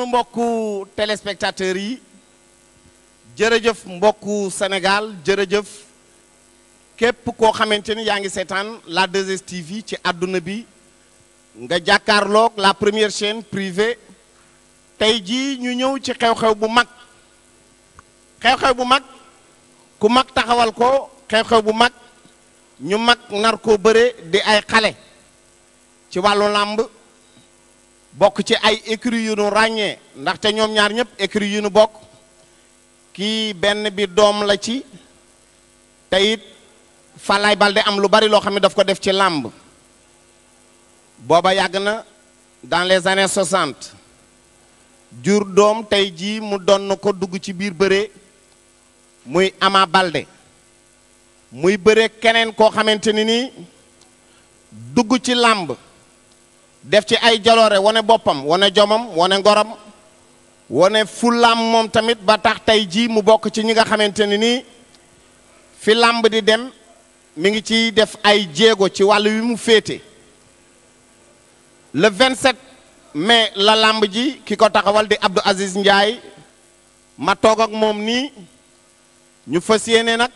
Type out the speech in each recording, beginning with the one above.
sunu mbokku téléspectateurs yi jërëjëf mbokku Sénégal jërëjëf képp koo xamante ni yaa ngi seetaan la 2 vie ci adduna bi nga jàkkaarlook la première chaîne privée tey jii ñu ñëw ci xew-xew bu mag xew-xew bu mag ku mag taxawal ko xew-xew bu mag ñu mag nar ko bëre di ay xale ci wàllu làmb bokk ci ay écrit yu nu ràññee ndaxte ñoom ñaar ñëpp écrit yu nu bokk kii benn bi doom la ci te it Balde am lu bari loo xam ne daf ko def ci làmb booba yàgg na dans les années 60 jur doom tey jii mu donn ko dugg ci biir bëre muy Ama Balde muy bëre keneen koo xamante ni nii dugg ci làmb def ci ay jaloore wane boppam wane jomam wane ngoram wane fullaam moom tamit ba tax tey jii mu bokk ci ñi nga xamante ne nii fi làmb di dem mi ngi ci def ay jéego ci wàll wi mu féete le 27 mai la lamb ji ki ko taxawal di Abdou Aziz Ndiaye ma toog ak moom nii ñu fas yéene nag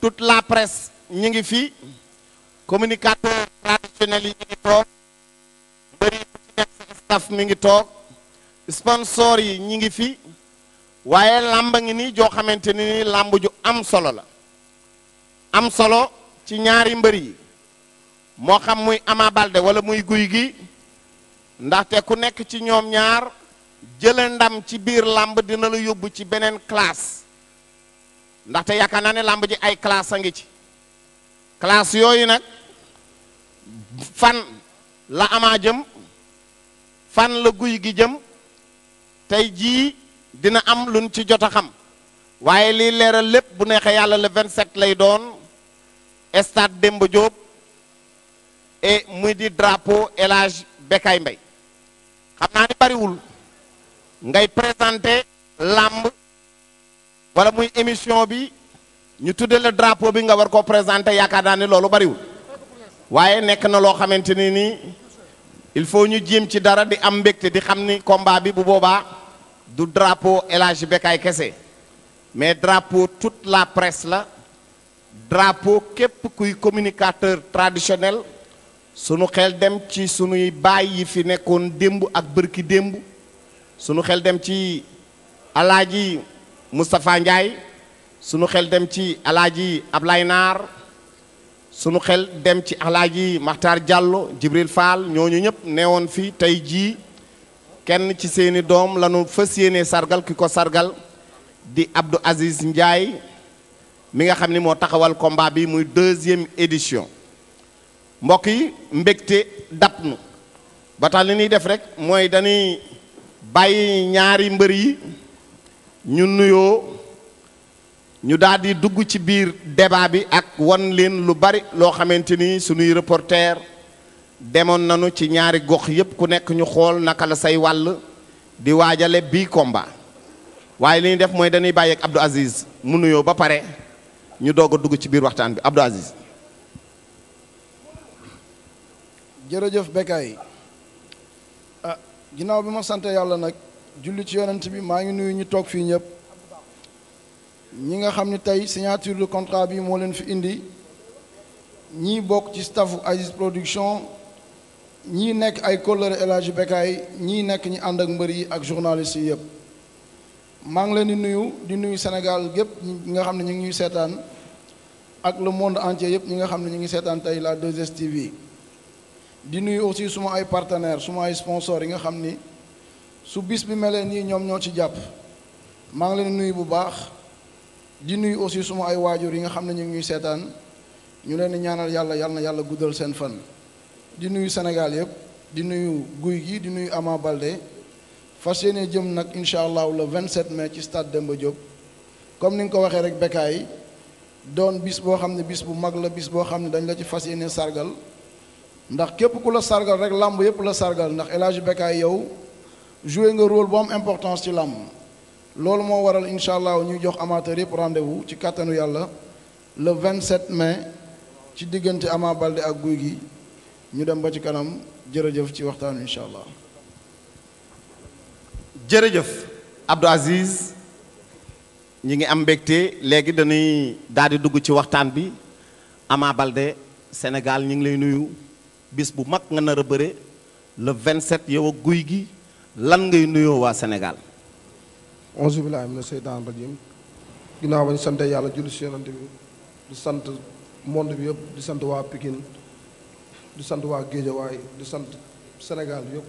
tout la presse ñi ngi fi communicateur traditionnel toog bëri bu ci nekk ngi toog sponsor yi ñi ngi fi waaye làmb ngi nii joo xamante ni làmb ju am solo la am solo ci ñaari mbër yi moo xam muy Ama Baldé wala muy Guy gi ndaxte ku nekk ci ñoom ñaar jële ndam ci biir làmb dina la yóbbu ci beneen classe ndaxte yaakaar naa ne làmb ji ay classe a ngi ci classe yooyu nag fan la amaa jëm fan la guy gi jëm tey jii dina am luñ ci jot a xam waaye lii leeral lépp bu neexee yàlla le 27 lay doon stade Demba jóob et muy di drapo El Hadj Bekay Mbaye xam naa ni bariwul ngay présenté làmb wala muy émission bi ñu tuddee le drapeau bi nga war koo présenté yaakaar naa ni loolu bariwul waaye nekk na loo xamante ni nii il faut ñu jéem ci dara di am mbégte di xam ni combat bi bu boobaa du drapo El Hadj Bécaye kese mais drapo tout la presse la drapo képp kuy communicateur traditionnel sunu xel dem ci sunuy baay yi fi nekkoon démb ak bërki démb sunu xel dem ci alaaji Moustapha Ndiaye sunu xel dem ci alaaji Ablaye Naar sunu xel dem ci alaaji Maxtaar Jàllo Jibril Fall ñooñu ñëpp neewoon fi tey jii kenn ci seeni doom lanu fas yéene sargal ki ko sargal di Abdou Aziz Ndiaye mi nga xam ni moo taxawal combat bi muy deuxième édition mbokk yi mbégte dab nu ba tax li ñuy def rek mooy dañuy bàyyi ñaari mbër yi ñu nuyoo ñu daal di dugg ci biir débat bi ak wan leen lu bari loo xamante ni suñuy reporter demoon nañu ci ñaari gox yépp ku nekk ñu xool naka la say wàll di waajale bii komba waaye li ñuy def mooy dañuy bàyyi ak Abdou Aziz mu nuyoo ba pare ñu doog a dugg ci biir waxtaan bi Abdou Aziz. jërëjëf Bécaye ah ginnaaw bi ma sant yàlla nag julli ci yonent bi maa ngi nuyu ñu toog fii ñëpp. ñi nga xam ne tey signature de contrat bi moo leen fi indi ñii bokk ci staffu ay Production ñii nekk ay kóllëre El Hadj ñii nekk ñi ànd ak mbër yi ak journaliste yi yëpp maa ngi leen di nuyu di nuyu Sénégal gépp nga xam ne ñu ngi seetaan ak le monde entier yëpp ñi nga xam ne ñu ngi seetaan tey la 2STV di nuyu aussi suma ay partenaires suma ay sponsors yi nga xam ni su bis bi melee nii ñoom ñoo ci jàpp maa ngi leen di nuyu bu baax. di nuyu aussi suma ay waajur yi nga xam ne ñu ngi ñuy seetaan ñu leen ñaanal yàlla yàlla na yàlla guddal seen fan di nuyu Sénégal yëpp di nuyu guy gi di nuyu Ama Balde fas yéene jëm nag incha allah la le 27 mai ci stade Demba Diop comme ni nga ko waxee rek Bécaye doon bis boo xam ne bis bu mag la bis boo xam ne dañu la ci fas yéene sargal ndax képp ku la sargal rek làmb yëpp la sargal ndax El Hadj Bécaye yow joué nga rôle bu am importance ci làmb loolu moo waral incha allah ñuy jox amateur yëpp rendez wu ci kàttanu yàlla le 27 mai ci diggante Ama balde ak guy gi ñu dem ba ci kanam jërëjëf ci waxtaan incha allah. jërëjëf Abdou Aziz ñi ngi am mbégte léegi dañuy daal di dugg ci waxtaan bi Ama Baldé Sénégal ñu ngi lay nuyu bis bu mag nga nar a bëre le 27 yow ak guy gi lan ngay nuyoo waa Sénégal. auzu billaahi mina seytaan rajim ginnaaw ba ñu sante yàlla julli si yonante bi di sant monde bi yëpp di sant waa Pikine du sant waa Géejawaay di sant Sénégal yëpp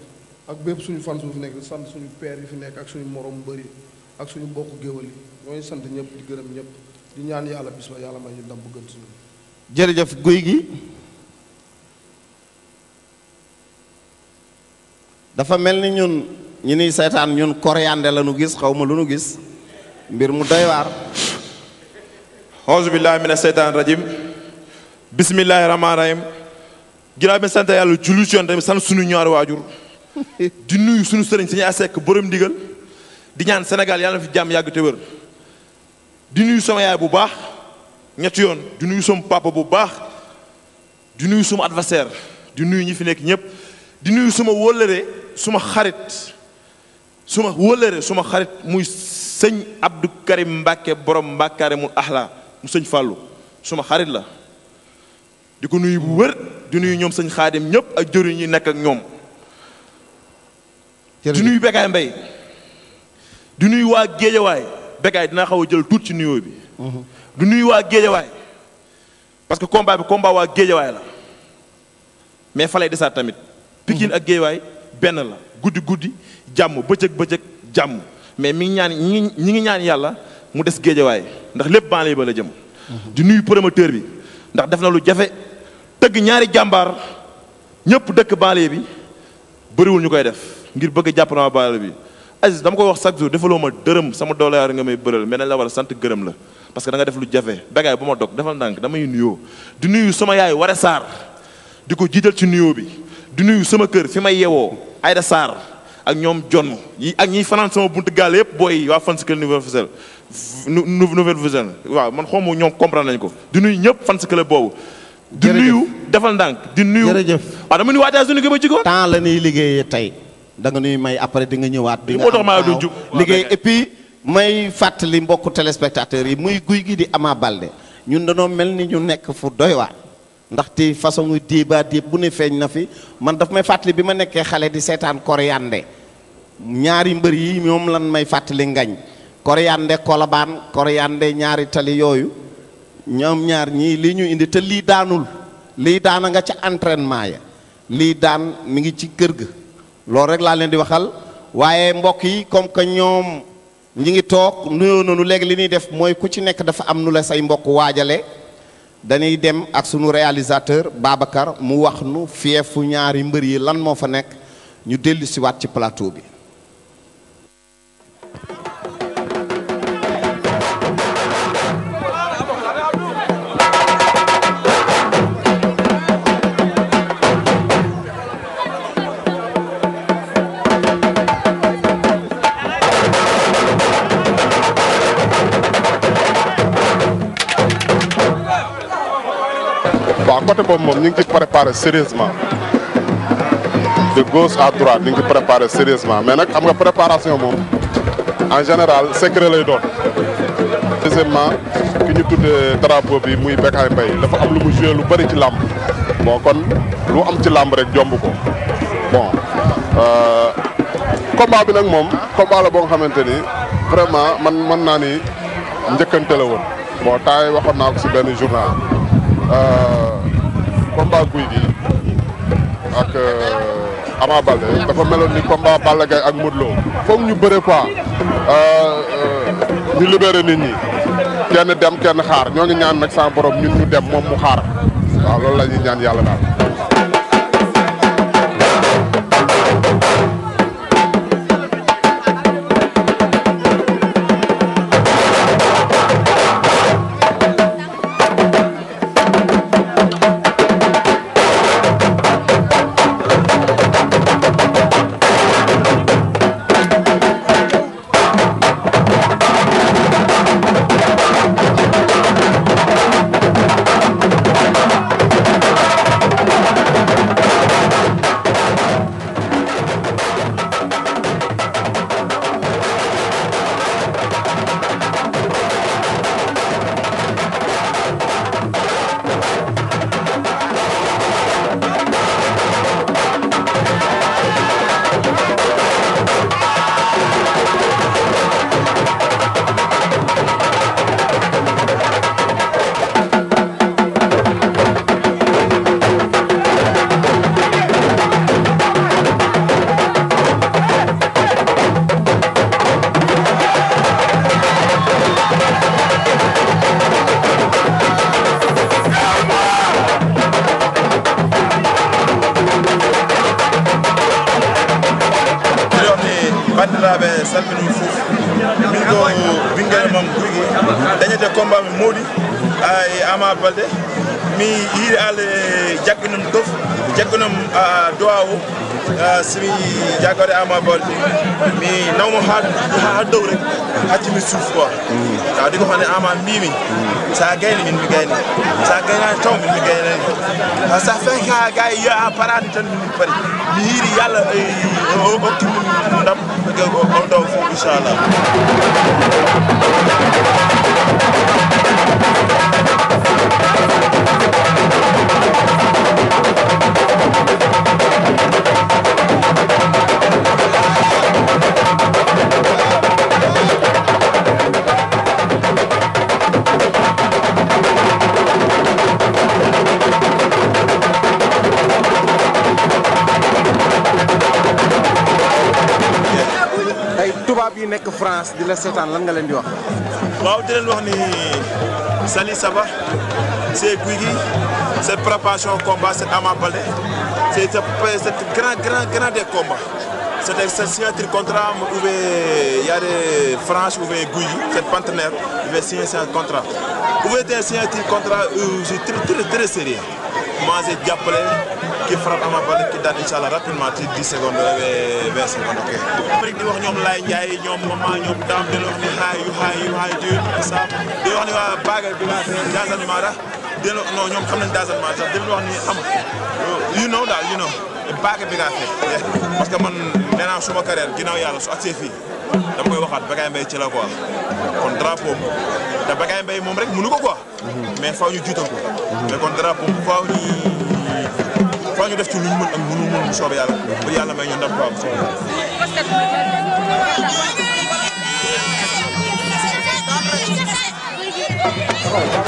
ak bépp suñu fan su fi nekk di sant suñu père yi fi nekk ak suñu morom mbëri ak suñu bokk géwal yi ñu sant ñëpp di gërëm ñëpp di ñaan yàlla bis ba yàlla may ñu ndam bu gën suñu jërëjëf guy gi dafa mel ni ñun ñu ni seetaan ñun koriande la nu gis xaw ma lu nu gis mbir mu doy waar aousubillahi mina seytaan rajim bismillahi rahmaani rahim ginnaaw bi sant yàlla julli ci yoon tamit sant sunu ñaari waajur di nuyu sunu sëriñ sañu asekk borom ndigal di ñaan senegal yàlla na fi jàmm yàgg te wér di nuyu sama yaay bu baax ñetti yoon di nuyu sama papa bu baax di nuyu sama adversaire di nuyu ñi fi nekk ñëpp di nuyu sama wóllëre suma xarit suma wëlëre suma xarit muy sëñ Abdou Karim mbake borom Mbackaremul Ahla mu sëñ Fàllu suma xarit la di ko nuyu bu wër di nuyu ñoom sëñ xaadim ñëpp ak jëriñ ñi nekk ak ñoom. di nuyu Bekaay Mbay di nuyu waa Géejawaay Bekaay dinaa xaw a jël tuut ci nuyoo bi. Mhm. du nuyu waa Géejawaay parce que combat bi combat waa Géejawaay la mais fa desaat tamit. Pikine ak Géejawaay. benn la guddi guddi jàmm bëccëg bëccëg jàmm mais mi ngi ñaan ñi ñi ngi ñaan yàlla mu des géejawaay ndax lépp banlieue ba la jëm. Mhm. di nuyu promoteur bi ndax def na lu jafe tëgg ñaari jàmbaar ñëpp dëkk banlieue bi bëriwul ñu koy def ngir bëgg jàpp na banlieue bi. Aziz dama koy wax chaque jour defaloo ma dërëm sama doolaar nga may bëral mel nañ la war a sant gërëm la parce que da def lu jafe bégaay bu ma dog defal ndànk damay nuyoo di nuyu sama yaay war a Sarr di ko jiital ci nuyoo bi. di nuyu sama kër fi may yewoo Aïda Sarr ak ñoom jonn yi ak ñii fanaan sama buntu gaal yëpp booy waa fan si club nouvelle vision nouvelle vision waaw man xaw ma ñoom comprendre nañ ko di nuyu ñëpp fan si boobu. di nuyu defal ndànk di nuyu. jërëjëf waaw dama nuyu waa États-Unis gi ma ci ko. temps la ñuy liggéeyee tey danga nuy may après di nga ñëwaat. di nga am liggéey et puis may fàttali mbokku téléspectateurs yi muy guy gii di Ama Baldé ñun danoo mel ni ñu nekk fu doy waar ndaxte façon débat yëpp bu ne feeñ na fi man daf may fàttali bi ma nekkee xale di seetaan Koriande ñaari mbër yi ñoom lan may fàttali ngañ Koriande Kolobaan Koriande ñaari tali yooyu ñoom ñaar ñii lii ñu indi te lii daanul lii daana nga ca entraînement ya lii daan mi ngi ci kër ga loolu rek laa leen di waxal waaye mbokk yi comme que ñoom ñi ngi toog nuyoo noonu léegi li ñuy def mooy ku ci nekk dafa am nu la say mbokk waajale dañuy dem ak sunu réalisateur Babacar mu wax nu fiefu ñaari mbër yi lan moo fa nekk ñu dellu siwaat ci plateau bi waaw côté boobu moom ñu ngi ci préparé sérieusement de gauche à droite ñu ngi préparé sérieusement mais nag xam nga préparation moom en général secret lay doon. deuxièmement ki ñu tuddee drapeau bi muy Bécaye Mbaye dafa am lu mu joué lu bëri ci làmb bon kon lu am ci làmb rek jomb ko bon euh, combat bi nag moom combat la boo xamante ni vraiment man mën naa ni njëkkante la woon bon temps waxoon naa ko si benn journal. Euh, combat guy gi ak euh, Ama Baldé dafa meloon ni combat Balla Gaye ak Modou Lo foog ñu bëre quoi euh, ñu libéré nit ñi kenn dem kenn xaar ñoo ngi ñaan nag sama borom ñun ñu dem moom mu xaar waaw loolu la ñuy ñaan yàlla daal. duwawu simi jagore ama bolde mi nawmo ha ha dow rek suuf quoi taw di ko hone ama mbimi sa min mi gayni sa gaynani taw min mi gaynani sa fek ha gay yo a parade tan min pari mi hiiri yalla hokkimin ndam o dow fof inchallah nekk France di la seetaan lan nga leen di wax. waaw di leen wax ni Sali Saba c'est Gouy Gui c'est préparation combat c'est Ama Baldé c'est c'est grand grand grand des combats c'est contrat mu oubien a des France oubien Gouy Gui c'est partenaire oubien contrat oubien tey signature contrat euh, je suis très qui frappe Ama Baldé qui daan incha allah rapidement ci 10 secondes et eh, 20 secondes ok. di wax ñoom Laye Ndiaye bi nga xam ne Dazane Mara di wax non ñoom xam nañ Dazane Mara sax di wax ni am you know daal you know Bagal bi nga xam eh, parce que man nee naa suma carrière ginnaaw yàlla su àggsee fii dama koy waxaat Bagaye Mbaye ci la quoi kon drapeau te Bagaye Mbaye moom rek mënu ko quoi. Mhm. mais faaw ñu jiital ko. mais kon drapeau faaw ñu. xanaa ñu def ci lu ñu mën ak mënu mën bu soobee yàlla ba yàlla may ñu ndam quoi bu soobee yàlla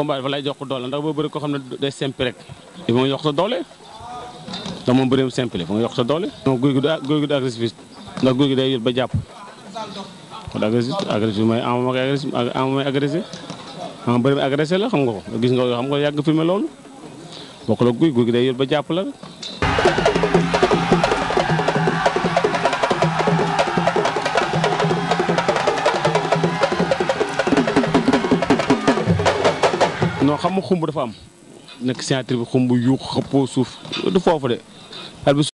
combat dafa lay jox ko doole ndax boo bëri ko xam ne day simple rek il faut nga yokk sa doole ndax moom bëreem simple fa nga yokk sa doole. non guy guy day yël ba jàpp kon agressif agressif ma koy agressif am ma ah bëri mi la xam nga ko gis nga xam nga yàgg loolu bokk la guy guy day yël ba jàpp la rek. xam nga xumb dafa am nekk signature bi xumb yuux xëppoo suuf du foofu de